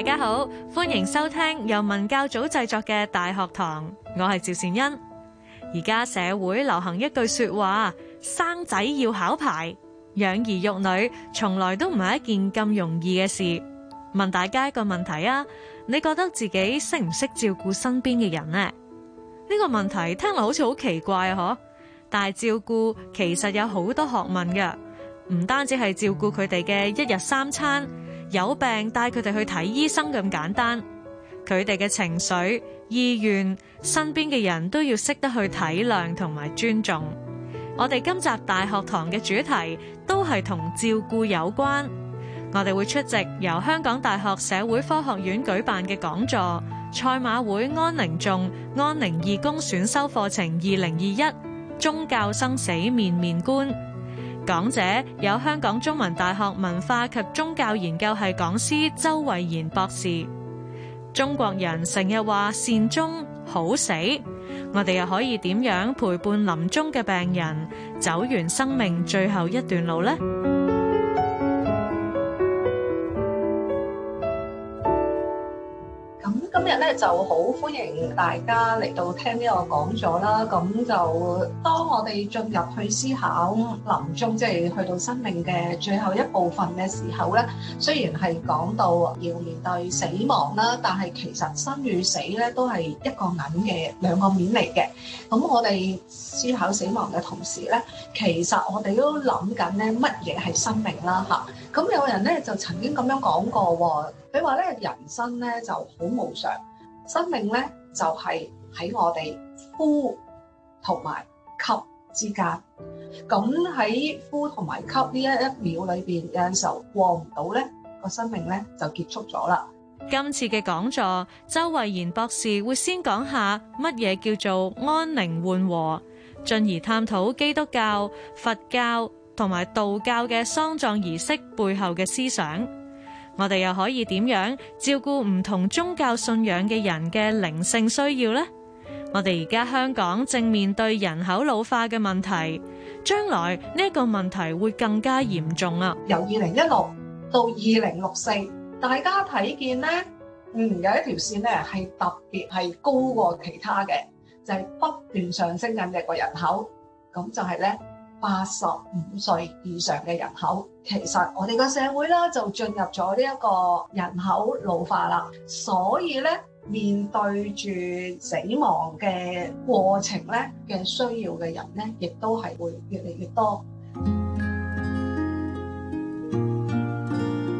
大家好，歡迎收聽由文教組製作嘅《大學堂》，我係趙善恩。而家社會流行一句說話，生仔要考牌，養兒育女從來都唔係一件咁容易嘅事。問大家一個問題啊，你覺得自己識唔識照顧身邊嘅人呢？呢個問題聽落好似好奇怪嗬，但係照顧其實有好多學問嘅，唔單止係照顧佢哋嘅一日三餐。有病帶佢哋去睇醫生咁簡單，佢哋嘅情緒、意願、身邊嘅人都要識得去體諒同埋尊重。我哋今集大學堂嘅主題都係同照顧有關，我哋會出席由香港大學社會科學院舉辦嘅講座，賽馬會安寧頌安寧義工選修課程二零二一宗教生死面面觀。講者有香港中文大學文化及宗教研究系講師周惠賢博士。中國人成日話善終好死，我哋又可以點樣陪伴臨終嘅病人走完生命最後一段路呢？今日咧就好歡迎大家嚟到聽呢個講座啦。咁就當我哋進入去思考臨終，即係去到生命嘅最後一部分嘅時候咧，雖然係講到要面對死亡啦，但係其實生與死咧都係一個銀嘅兩個面嚟嘅。咁我哋思考死亡嘅同時咧，其實我哋都諗緊咧乜嘢係生命啦吓？咁有人咧就曾經咁樣講過喎，佢話咧人生咧就好無常。生命咧就係喺我哋呼同埋吸之間，咁喺呼同埋吸呢一一秒裏邊，有陣時候過唔到咧，個生命咧就結束咗啦。今次嘅講座，周惠賢博士會先講下乜嘢叫做安寧緩和，進而探討基督教、佛教同埋道教嘅喪葬儀式背後嘅思想。我哋又可以點樣照顧唔同宗教信仰嘅人嘅靈性需要呢？我哋而家香港正面對人口老化嘅問題，將來呢一個問題會更加嚴重啊！由二零一六到二零六四，大家睇見呢，嗯有一條線呢係特別係高過其他嘅，就係不斷上升緊嘅個人口，咁就係咧八十五歲以上嘅人口。其實我哋個社會啦，就進入咗呢一個人口老化啦，所以咧面對住死亡嘅過程咧嘅需要嘅人咧，亦都係會越嚟越多。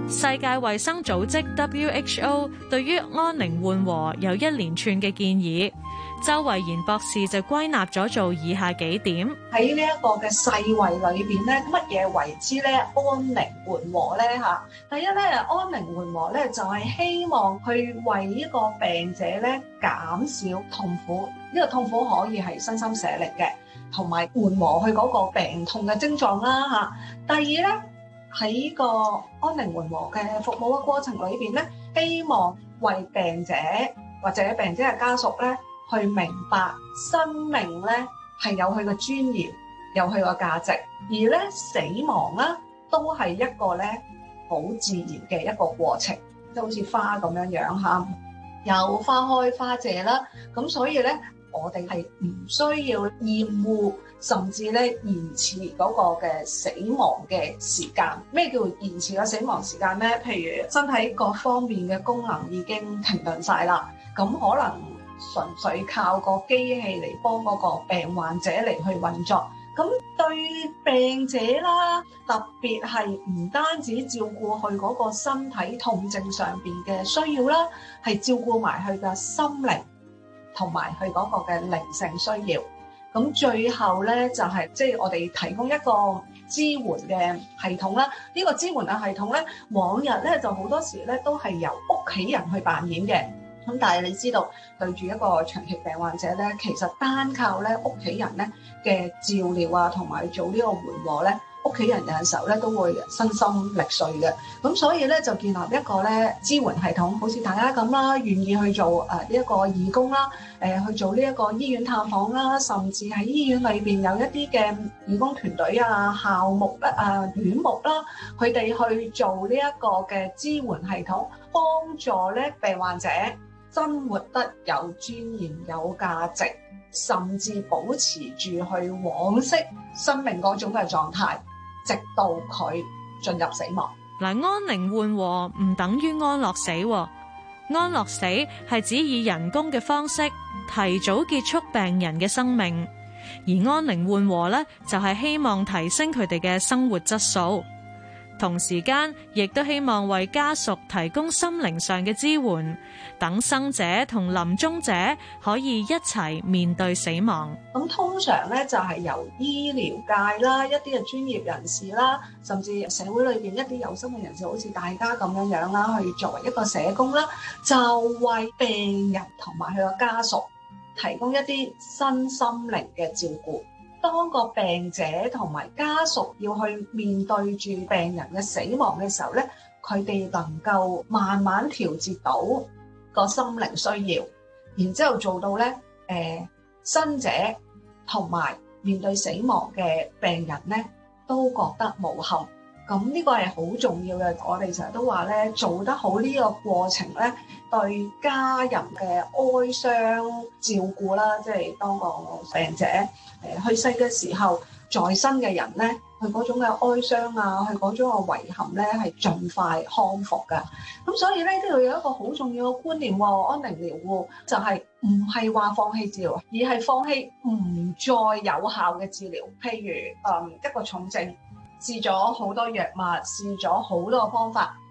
世界衛生組織 （WHO） 對於安寧緩和有一連串嘅建議。周惠賢博士就歸納咗做以下幾點：喺呢一個嘅世衛裏邊咧，乜嘢為之咧？安寧緩和咧吓，第一咧，安寧緩和咧就係希望去為呢個病者咧減少痛苦，呢個痛苦可以係身心社靈嘅，同埋緩和佢嗰個病痛嘅症狀啦吓。第二咧，喺呢個安寧緩和嘅服務嘅過程裏邊咧，希望為病者或者病者嘅家屬咧。去明白生命咧係有佢嘅尊嚴，有佢嘅價值，而咧死亡啦都係一個咧好自然嘅一個過程，即係好似花咁樣樣吓，有花開花謝啦。咁所以咧，我哋係唔需要厭惡甚至咧延遲嗰個嘅死亡嘅時間。咩叫延遲個死亡時間咧？譬如身體各方面嘅功能已經停頓晒啦，咁可能。純粹靠個機器嚟幫嗰個病患者嚟去運作，咁對病者啦，特別係唔單止照顧佢嗰個身體痛症上面嘅需要啦，係照顧埋佢嘅心靈同埋佢嗰個嘅靈性需要。咁最後咧就係即係我哋提供一個支援嘅系統啦。呢個支援嘅系統咧，往日咧就好多時咧都係由屋企人去扮演嘅。咁但係你知道對住一個長期病患者咧，其實單靠咧屋企人咧嘅照料啊，同埋做呢個緩和咧，屋企人有時候咧都會身心力碎嘅。咁所以咧就建立一個咧支援系統，好似大家咁啦，願意去做誒呢一個義工啦，誒去做呢一個醫院探訪啦，甚至喺醫院裏邊有一啲嘅義工團隊啊、校牧啦啊、院牧啦，佢哋去做呢一個嘅支援系統，幫助咧病患者。真活得有尊嚴、有價值，甚至保持住去往昔生命嗰種嘅狀態，直到佢進入死亡。嗱，安寧緩和唔等於安樂死，安樂死係指以人工嘅方式提早結束病人嘅生命，而安寧緩和呢，就係希望提升佢哋嘅生活質素。同時間，亦都希望為家屬提供心靈上嘅支援，等生者同臨終者可以一齊面對死亡。咁通常咧，就係由醫療界啦，一啲嘅專業人士啦，甚至社會裏面一啲有心嘅人士，好似大家咁樣樣啦，去作為一個社工啦，就為病人同埋佢嘅家屬提供一啲新心靈嘅照顧。當個病者同埋家屬要去面對住病人嘅死亡嘅時候咧，佢哋能夠慢慢調節到個心靈需要，然之後做到咧，誒、呃，生者同埋面對死亡嘅病人咧都覺得無憾。咁、嗯、呢、呢個係好重要嘅。我哋成日都話咧，做得好呢個過程咧。對家人嘅哀傷照顧啦，即係當個病者誒去世嘅時候，在生嘅人咧，佢嗰種嘅哀傷啊，佢嗰種嘅遺憾咧，係盡快康復嘅。咁所以咧，呢度有一個好重要嘅觀念喎，我安寧療護就係唔係話放棄治療，而係放棄唔再有效嘅治療。譬如誒、嗯、一個重症，試咗好多藥物，試咗好多方法。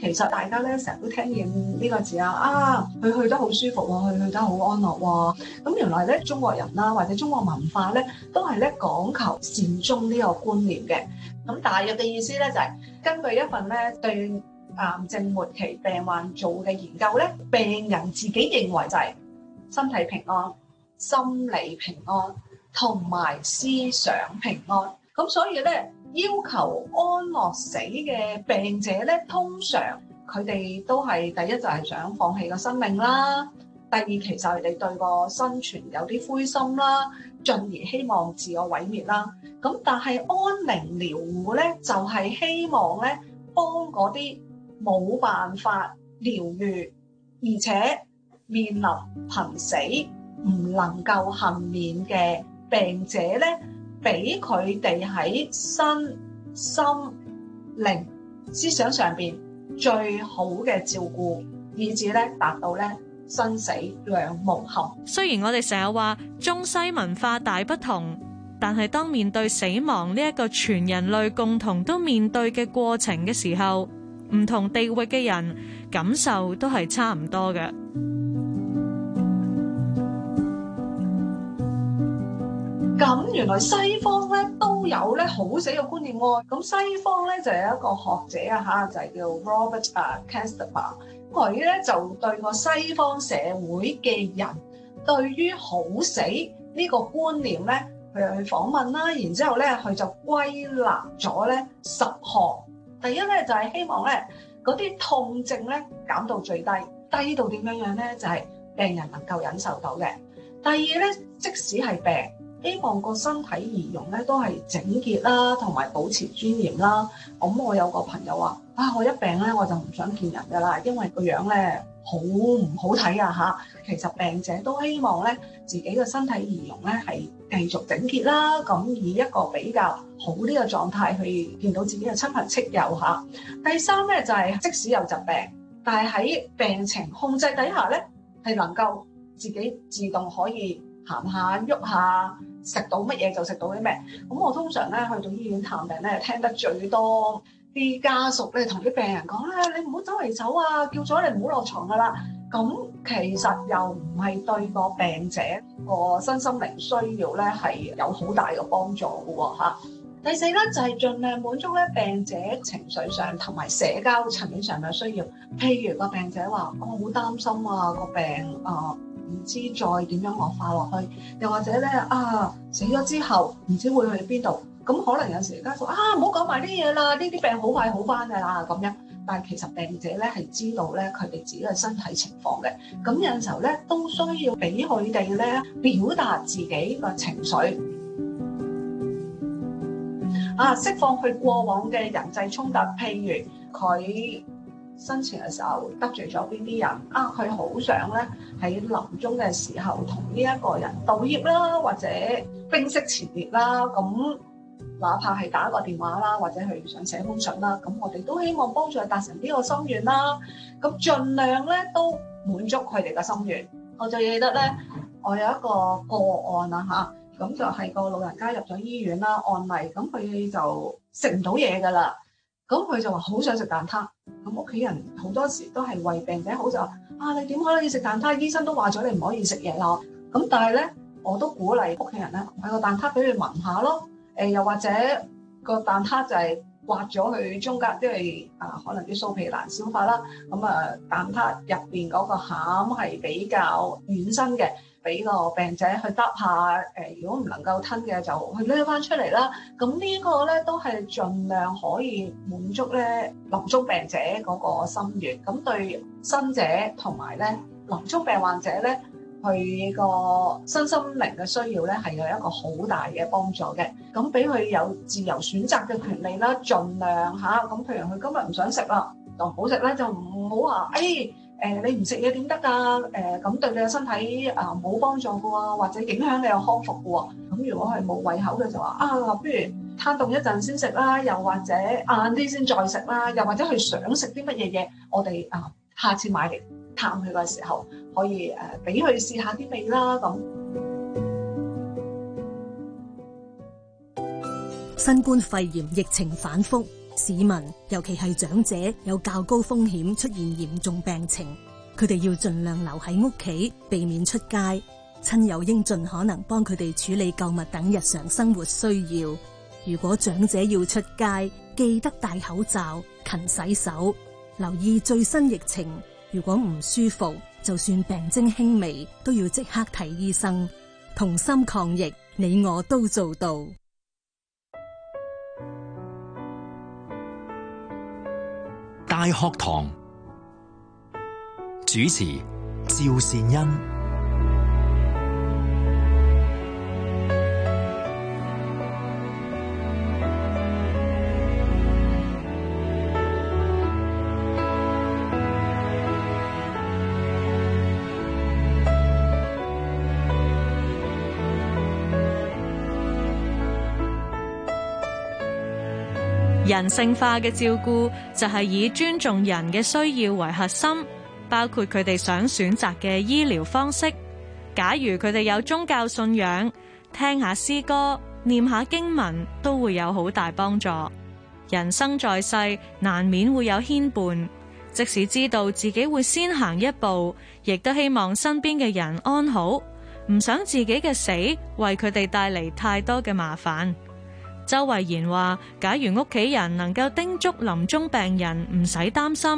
其實大家咧成日都聽見呢個字啊，啊，佢去得好舒服喎，佢去得好安樂喎。咁原來咧，中國人啦，或者中國文化咧，都係咧講求善終呢個觀念嘅。咁大約嘅意思咧就係根據一份咧對癌症末期病患做嘅研究咧，病人自己認為就係身體平安、心理平安同埋思想平安。咁所以咧。要求安樂死嘅病者咧，通常佢哋都係第一就係想放棄個生命啦；第二其實佢哋對個生存有啲灰心啦，進而希望自我毀滅啦。咁但係安寧療護咧，就係希望咧幫嗰啲冇辦法療愈，而且面臨瀕死唔能夠幸免嘅病者咧，俾佢哋喺身心靈、思想上面最好嘅照顧，以至咧達到咧生死兩無憾。雖然我哋成日話中西文化大不同，但係當面對死亡呢一個全人類共同都面對嘅過程嘅時候，唔同地域嘅人感受都係差唔多嘅。咁、嗯、原來西方咧都有咧好死嘅觀念喎、哦。咁西方咧就有一個學者啊，吓就係叫 Robert 啊 Kasteba，佢咧就對個西方社會嘅人對於好死呢個觀念咧，佢去訪問啦，然之後咧佢就歸納咗咧十項。第一咧就係、是、希望咧嗰啲痛症咧減到最低。低到點樣樣咧就係、是、病人能夠忍受到嘅。第二咧，即使係病。希望個身體儀容咧都係整潔啦，同埋保持尊嚴啦。咁、嗯、我有個朋友話：啊，我一病咧我就唔想見人㗎啦，因為個樣咧好唔好睇啊嚇。其實病者都希望咧自己嘅身體儀容咧係繼續整潔啦，咁、嗯、以一個比較好啲嘅狀態去見到自己嘅親朋戚友嚇、啊。第三咧就係、是、即使有疾病，但係喺病情控制底下咧係能夠自己自動可以。談下喐下，食到乜嘢就食到啲咩。咁我通常咧去到醫院探病咧，聽得最多啲家屬咧同啲病人講咧，你唔好走嚟走啊，叫咗你唔好落床噶啦。咁其實又唔係對個病者個身心靈需要咧係有好大嘅幫助嘅喎嚇。第四咧就係、是、盡量滿足咧病者情緒上同埋社交層面上嘅需要。譬如個病者話：我好擔心啊，個病啊。唔知再點樣惡化落去，又或者咧啊死咗之後，唔知會去邊度？咁可能有時家屬啊，唔好講埋啲嘢啦，呢啲病好快好翻噶啦咁樣。但係其實病者咧係知道咧佢哋自己嘅身體情況嘅，咁有時候咧都需要俾佢哋咧表達自己個情緒，啊釋放佢過往嘅人際衝突，譬如佢。他生前嘅時候得罪咗邊啲人啊？佢好想咧喺臨終嘅時候同呢一個人道歉啦，或者冰釋前嫌啦，咁哪怕係打個電話啦，或者佢想寫封信啦，咁我哋都希望幫助佢達成呢個心願啦。咁儘量咧都滿足佢哋嘅心願。我就記得咧，我有一個個案啊吓，咁就係個老人家入咗醫院啦，案例咁佢就食唔到嘢㗎啦。咁佢就話好想食蛋撻，咁屋企人好多時都係為病者好就話啊，你點可能要食蛋撻？醫生都話咗你唔可以食嘢啦。咁但係咧，我都鼓勵屋企人咧買個蛋撻俾佢聞下咯。呃，又或者個蛋撻就係刮咗佢中間，因為啊，可能啲酥皮難消化啦。咁啊，蛋撻入面嗰個餡係比較軟身嘅。俾個病者去得下、呃，如果唔能夠吞嘅就去拎翻出嚟啦。咁呢個咧都係盡量可以滿足咧臨終病者嗰個心願。咁對生者同埋咧臨終病患者咧，佢個身心靈嘅需要咧係有一個好大嘅幫助嘅。咁俾佢有自由選擇嘅權利啦，儘量下。咁、啊、譬如佢今日唔想食啦，就唔好食咧，就唔好話誒。誒、呃，你唔食嘢點得㗎？誒、呃，咁對你嘅身體啊冇、呃、幫助嘅喎，或者影響你嘅康復嘅喎。咁如果係冇胃口嘅就話啊，不如攤凍一陣先食啦，又或者晏啲先再食啦，又或者佢想食啲乜嘢嘢，我哋啊、呃、下次買嚟探佢嘅時候可以誒俾佢試下啲味啦咁。新冠肺炎疫情反覆。市民尤其係長者有較高風險出現嚴重病情，佢哋要盡量留喺屋企，避免出街。親友應盡可能幫佢哋處理購物等日常生活需要。如果長者要出街，記得戴口罩、勤洗手，留意最新疫情。如果唔舒服，就算病徵輕微，都要即刻睇醫生。同心抗疫，你我都做到。大學堂主持：趙善恩。人性化嘅照顧就係以尊重人嘅需要為核心，包括佢哋想選擇嘅醫療方式。假如佢哋有宗教信仰，聽下詩歌、念下經文都會有好大幫助。人生在世，難免會有牽絆，即使知道自己會先行一步，亦都希望身邊嘅人安好，唔想自己嘅死為佢哋帶嚟太多嘅麻煩。周惠賢話：假如屋企人能夠叮囑臨終病人唔使擔心，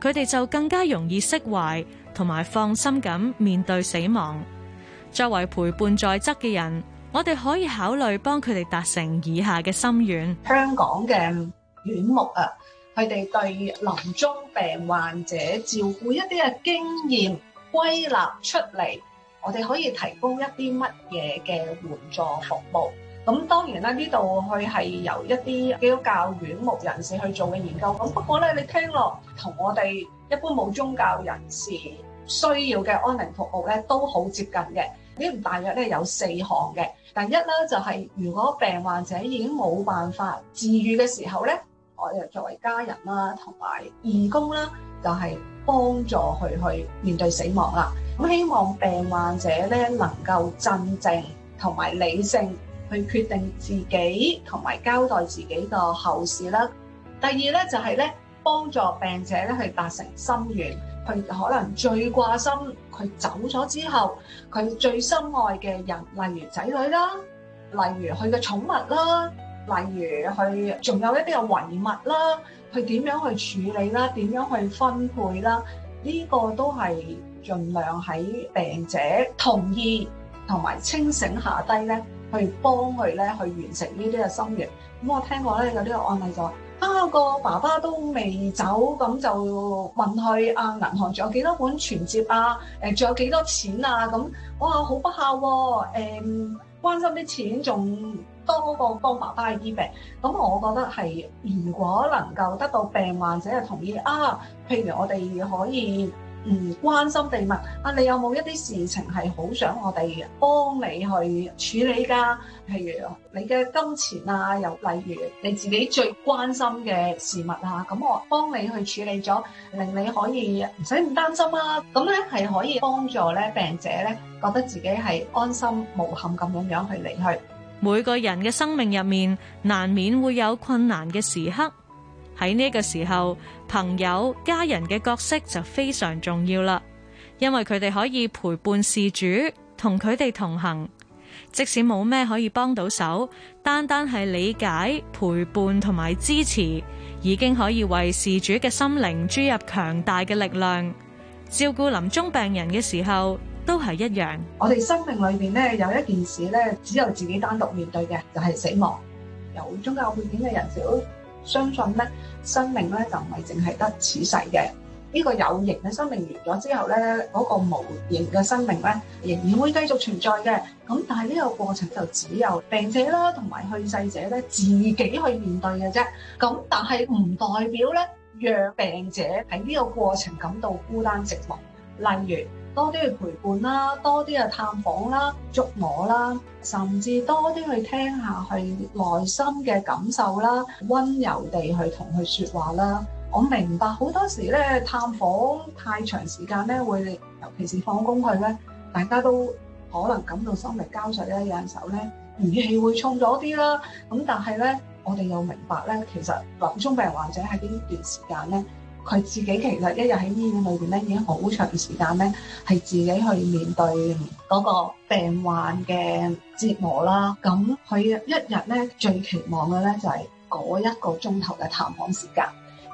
佢哋就更加容易釋懷，同埋放心咁面對死亡。作為陪伴在側嘅人，我哋可以考慮幫佢哋達成以下嘅心願：香港嘅院牧啊，佢哋對臨終病患者照顧一啲嘅經驗歸納出嚟，我哋可以提供一啲乜嘢嘅援助服務。咁當然啦，呢度佢係由一啲基督教院牧人士去做嘅研究。咁不過呢，你聽落同我哋一般冇宗教人士需要嘅安寧服務呢，都好接近嘅。呢度大約呢有四項嘅。第一呢就係如果病患者已經冇辦法治癒嘅時候呢，我哋作為家人啦，同埋義工啦，就係幫助佢去面對死亡啦。咁希望病患者呢能夠鎮靜同埋理性。去決定自己同埋交代自己個後事啦。第二咧就係咧幫助病者咧去達成心願，佢可能最掛心佢走咗之後，佢最心愛嘅人，例如仔女啦，例如佢嘅寵物啦，例如佢仲有一啲嘅遺物啦，佢點樣去處理啦？點樣去分配啦？呢個都係盡量喺病者同意同埋清醒下低咧。去幫佢咧，去完成呢啲嘅心願。咁、嗯、我聽過咧有啲案例就話、啊，個爸爸都未走，咁就問佢啊，銀行仲有幾多本存折啊？誒、呃、仲有幾多錢啊？咁、嗯、哇好不孝喎、啊嗯！關心啲錢仲多過幫爸爸醫病。咁、嗯、我覺得係如果能夠得到病患者嘅同意，啊譬如我哋可以。唔、嗯、關心地問啊，你有冇一啲事情係好想我哋幫你去處理㗎？譬如你嘅金錢啊，又例如你自己最關心嘅事物呀、啊。咁我幫你去處理咗，令你可以唔使唔擔心啦、啊。咁咧係可以幫助咧病者咧，覺得自己係安心無憾咁樣樣去離去。每個人嘅生命入面，難免會有困難嘅時刻。喺呢個時候，朋友、家人嘅角色就非常重要啦，因為佢哋可以陪伴事主，同佢哋同行，即使冇咩可以幫到手，單單係理解、陪伴同埋支持，已經可以為事主嘅心靈注入強大嘅力量。照顧臨終病人嘅時候，都係一樣。我哋生命裏面呢，有一件事呢，只有自己單獨面對嘅，就係死亡。有宗教背景嘅人少。相信咧，生命咧就唔係淨係得此世嘅。呢個有形嘅生命完咗之後咧，嗰個無形嘅生命咧仍然會繼續存在嘅。咁但係呢個過程就只有病者啦，同埋去世者咧自己去面對嘅啫。咁但係唔代表咧，讓病者喺呢個過程感到孤單寂寞。例如，多啲去陪伴啦，多啲去探訪啦，觸摸啦，甚至多啲去聽下去內心嘅感受啦，溫柔地去同佢説話啦。我明白好多時咧探訪太長時間咧，會尤其是放工去咧，大家都可能感到心力交瘁啦。有陣時候咧語氣會重咗啲啦。咁但係咧，我哋又明白咧，其實臨終病患者喺呢段時間咧。佢自己其實一日喺醫院裏邊咧，已經好長時間咧，係自己去面對嗰個病患嘅折磨啦。咁佢一日咧，最期望嘅咧就係嗰一個鐘頭嘅談話時間。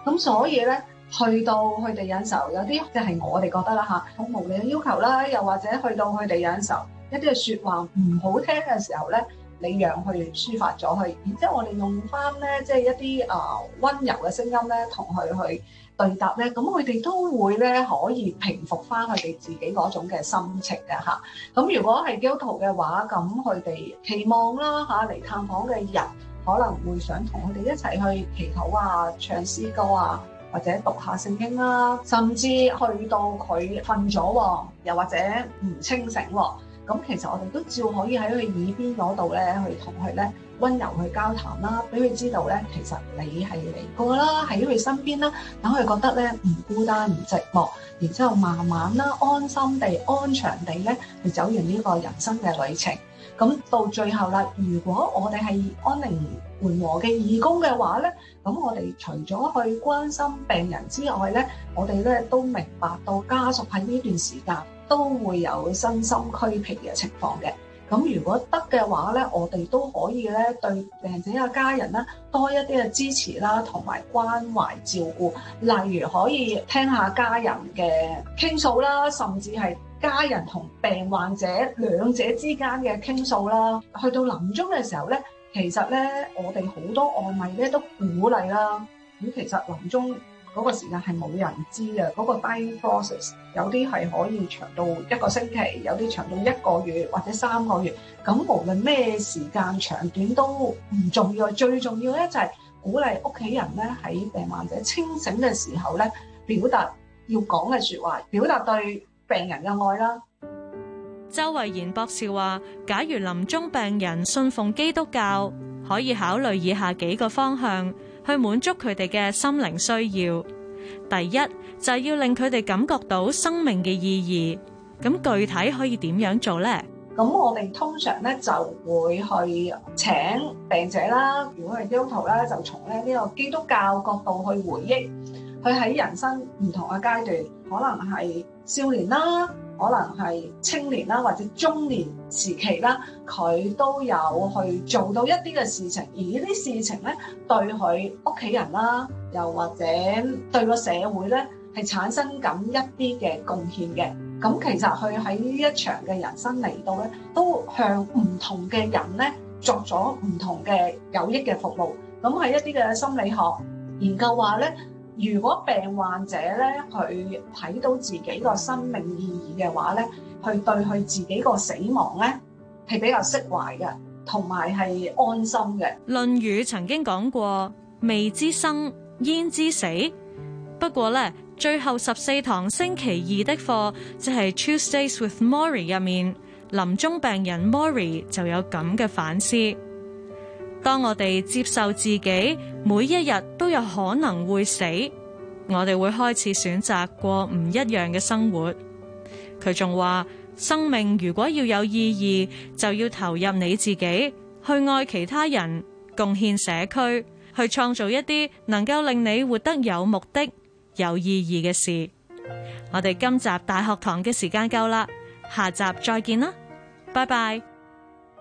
咁所以咧，去到佢哋忍受有啲即係我哋覺得啦吓，好無理嘅要求啦，又或者去到佢哋忍受一啲説話唔好聽嘅時候咧，你讓佢抒發咗佢。然之後我哋用翻咧，即係一啲啊温柔嘅聲音咧，同佢去。對答咧，咁佢哋都會咧可以平復翻佢哋自己嗰種嘅心情嘅咁、啊、如果係基督徒嘅話，咁佢哋期望啦嚇嚟、啊、探訪嘅人可能會想同佢哋一齊去祈禱啊、唱詩歌啊，或者讀下聖經啦、啊，甚至去到佢瞓咗喎，又或者唔清醒喎、啊，咁其實我哋都照可以喺佢耳邊嗰度咧去同佢咧。溫柔去交談啦，俾佢知道咧，其實你係嚟過啦，喺佢身邊啦，等佢覺得咧唔孤單唔寂寞，然之後慢慢啦安心地安詳地咧，去走完呢個人生嘅旅程。咁到最後啦，如果我哋係安寧緩和嘅義工嘅話咧，咁我哋除咗去關心病人之外咧，我哋咧都明白到家屬喺呢段時間都會有身心俱疲嘅情況嘅。咁如果得嘅話咧，我哋都可以咧對病者嘅家人咧多一啲嘅支持啦，同埋關懷照顧，例如可以聽下家人嘅傾訴啦，甚至係家人同病患者兩者之間嘅傾訴啦。去到臨終嘅時候咧，其實咧我哋好多案例咧都鼓勵啦。咁其實臨終嗰個時間係冇人知嘅，嗰個 dying process 有啲係可以長到一個星期，有啲長到一個月或者三個月。咁無論咩時間長短都唔重要，最重要咧就係鼓勵屋企人咧喺病患者清醒嘅時候咧，表達要講嘅說話，表達對病人嘅愛啦。周惠賢博士話，假如臨終病人信奉基督教，可以考慮以下幾個方向。去滿足佢哋嘅心靈需要，第一就係、是、要令佢哋感覺到生命嘅意義。咁具體可以點樣做呢？咁我哋通常咧就會去請病者啦，如果係教徒咧，就從咧呢個基督教角度去回憶，佢喺人生唔同嘅階段，可能係少年啦。可能係青年啦，或者中年時期啦，佢都有去做到一啲嘅事情，而呢啲事情咧，對佢屋企人啦，又或者對個社會咧，係產生緊一啲嘅貢獻嘅。咁其實佢喺呢一場嘅人生嚟到咧，都向唔同嘅人咧，作咗唔同嘅有益嘅服務。咁係一啲嘅心理學研究話咧。如果病患者咧，佢睇到自己個生命意義嘅話咧，佢對佢自己個死亡咧係比較釋懷嘅，同埋係安心嘅。《論語》曾經講過，未知生，焉知死？不過咧，最後十四堂星期二的課，即係《Tuesdays with Maury》入面，臨終病人 Maury 就有咁嘅反思。當我哋接受自己。每一日都有可能會死，我哋會開始選擇過唔一樣嘅生活。佢仲話：生命如果要有意義，就要投入你自己，去愛其他人，貢獻社區，去創造一啲能夠令你活得有目的、有意義嘅事。我哋今集大學堂嘅時間夠啦，下集再見啦，拜拜。